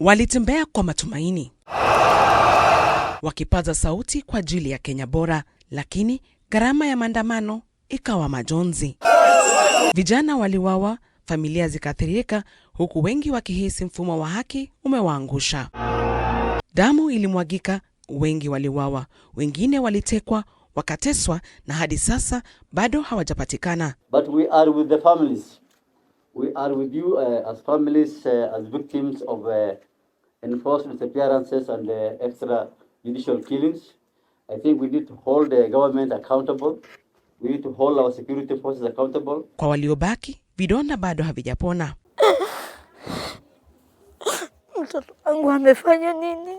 Walitembea kwa matumaini, wakipaza sauti kwa ajili ya Kenya bora, lakini gharama ya maandamano ikawa majonzi. Vijana waliwawa, familia zikaathirika, huku wengi wakihisi mfumo wa haki umewaangusha. Damu ilimwagika, wengi waliwawa, wengine walitekwa, wakateswa na hadi sasa bado hawajapatikana. But we are with the families. We are with you, uh, as families, uh, as victims of, uh, enforced disappearances and uh, extra judicial killings. I think we need to hold the government accountable. We need to hold our security forces accountable. Kwa waliobaki vidonda bado havijapona. Mtoto wangu amefanya nini?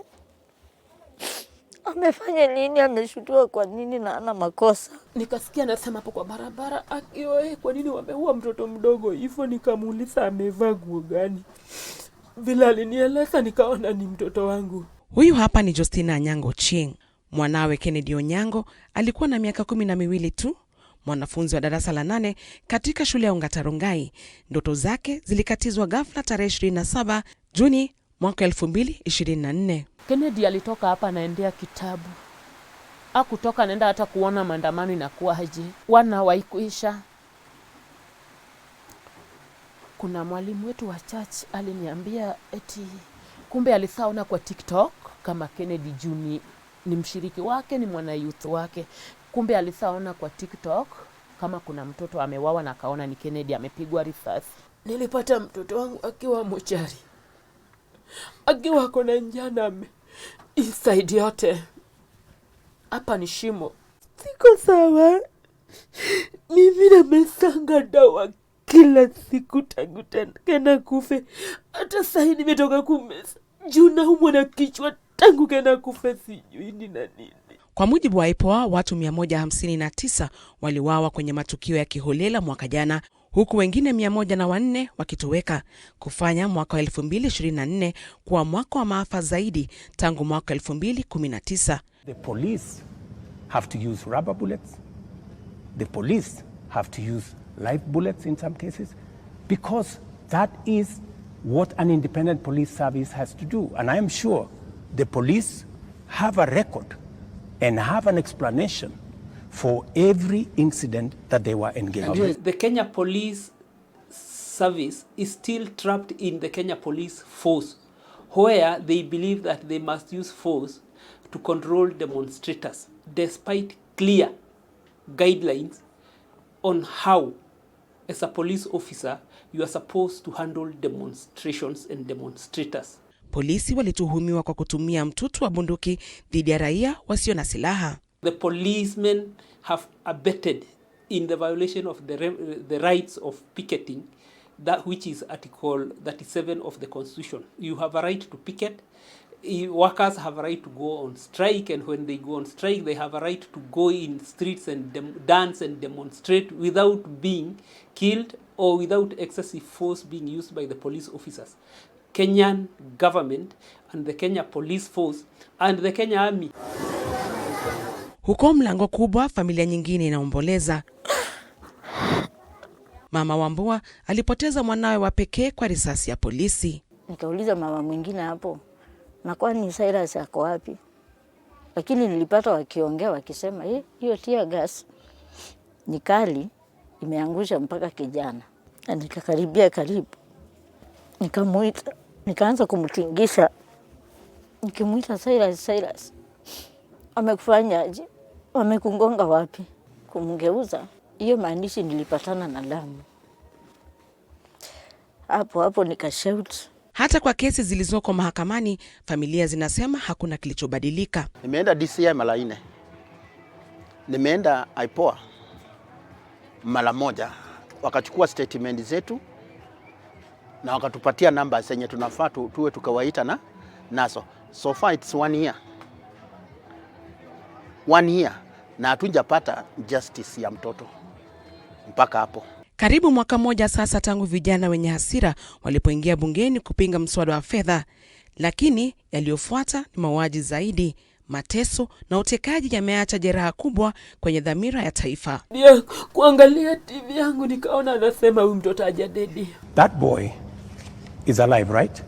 Amefanya nini? Ameshutua kwa nini na ana makosa? Nikasikia anasema hapo kwa barabara, akiwe, kwa nini wameua mtoto mdogo hivyo? Nikamuuliza amevaa nguo gani? vile alinieleza nikaona ni mtoto wangu. Huyu hapa ni Justina Anyango ching Mwanawe Kennedy Onyango alikuwa na miaka kumi na miwili tu, mwanafunzi wa darasa la nane katika shule ya ungatarungai Ndoto zake zilikatizwa ghafla tarehe 27 Juni mwaka 2024. Kennedy alitoka hapa anaendea kitabu, akutoka anaenda hata kuona maandamano inakuwaje, wana waikuisha kuna mwalimu wetu wa church aliniambia eti kumbe alisaona kwa TikTok kama Kennedy Juni ni mshiriki wake, ni mwana youth wake. Kumbe alisaona kwa TikTok kama kuna mtoto amewawa na akaona ni Kennedy amepigwa risasi. Nilipata mtoto wangu akiwa mochari, akiwa kona njana inside yote. Hapa ni shimo, siko sawa mimi, namesanga dawa kila siku tangu kena kufe. Hata sahi nimetoka kumeza juu naumwa na kichwa tangu kena kufe, sijuini na nini. Kwa mujibu wa IPOA, watu 159 waliwawa kwenye matukio ya kiholela mwaka jana, huku wengine 104 wakitoweka, kufanya mwaka wa 2024 kuwa mwaka wa maafa zaidi tangu mwaka 219 The police have to use rubber bullets. The police have to use live bullets in some cases, because that is what an independent police service has to do. And I am sure the police have a record and have an explanation for every incident that they were engaged in. The Kenya Police Service is still trapped in the Kenya Police Force, where they believe that they must use force to control demonstrators, despite clear guidelines on how as a police officer you are supposed to handle demonstrations and demonstrators. Polisi walituhumiwa kwa kutumia mtutu wa bunduki dhidi ya raia wasio na silaha. The policemen have abetted in the violation of the, the rights of picketing that which is article 37 of the constitution. You have a right to picket workers have a right to go on strike and when they go on strike they have a right to go in streets and dem dance and demonstrate without being killed or without excessive force being used by the police officers kenyan government and the kenya police force and the kenya army huko mlango kubwa familia nyingine inaomboleza mama wambua alipoteza mwanawe wa pekee kwa risasi ya polisi nikauliza mama mwingine hapo na kwani Cyrus ako wapi? Lakini nilipata wakiongea wakisema, eh, hiyo tia gas ni kali, imeangusha mpaka kijana. Na nikakaribia karibu, nikamuita, nikaanza kumtingisha, nikimuita Cyrus, Cyrus, amekufanyaje? Amekungonga wapi? Kumgeuza hiyo maandishi, nilipatana na damu hapo hapo, nikashout hata kwa kesi zilizoko mahakamani, familia zinasema hakuna kilichobadilika. Nimeenda DCI mara nne, nimeenda IPOA mara moja, wakachukua statement zetu na wakatupatia namba zenye tunafaa tuwe tukawaita na naso. So far it's one year. One year na hatujapata justice ya mtoto mpaka hapo. Karibu mwaka mmoja sasa tangu vijana wenye hasira walipoingia bungeni kupinga mswada wa fedha, lakini yaliyofuata ni mauaji zaidi, mateso na utekaji yameacha jeraha kubwa kwenye dhamira ya taifa. Ndio kuangalia TV yangu nikaona anasema huyu mtoto ajadedi. That boy is alive, right?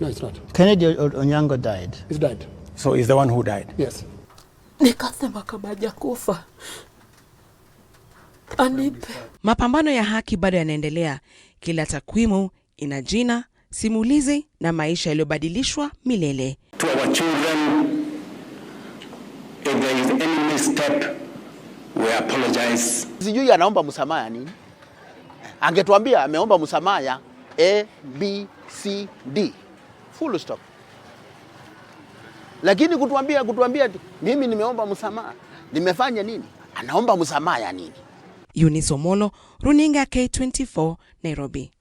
No, it's not. Kennedy Onyango died. He's So he's the one who died. Yes nikasema kama hajakufa anipe. Mapambano ya haki bado yanaendelea. Kila takwimu ina jina, simulizi na maisha yaliyobadilishwa milele. Sijui anaomba msamaha nini? Angetuambia ameomba msamaha ya A B C D. Full stop lakini kutuambia kutuambia mimi nimeomba msamaha, nimefanya nini? Anaomba msamaha ya nini? yunisomolo Omolo, Runinga K24, Nairobi.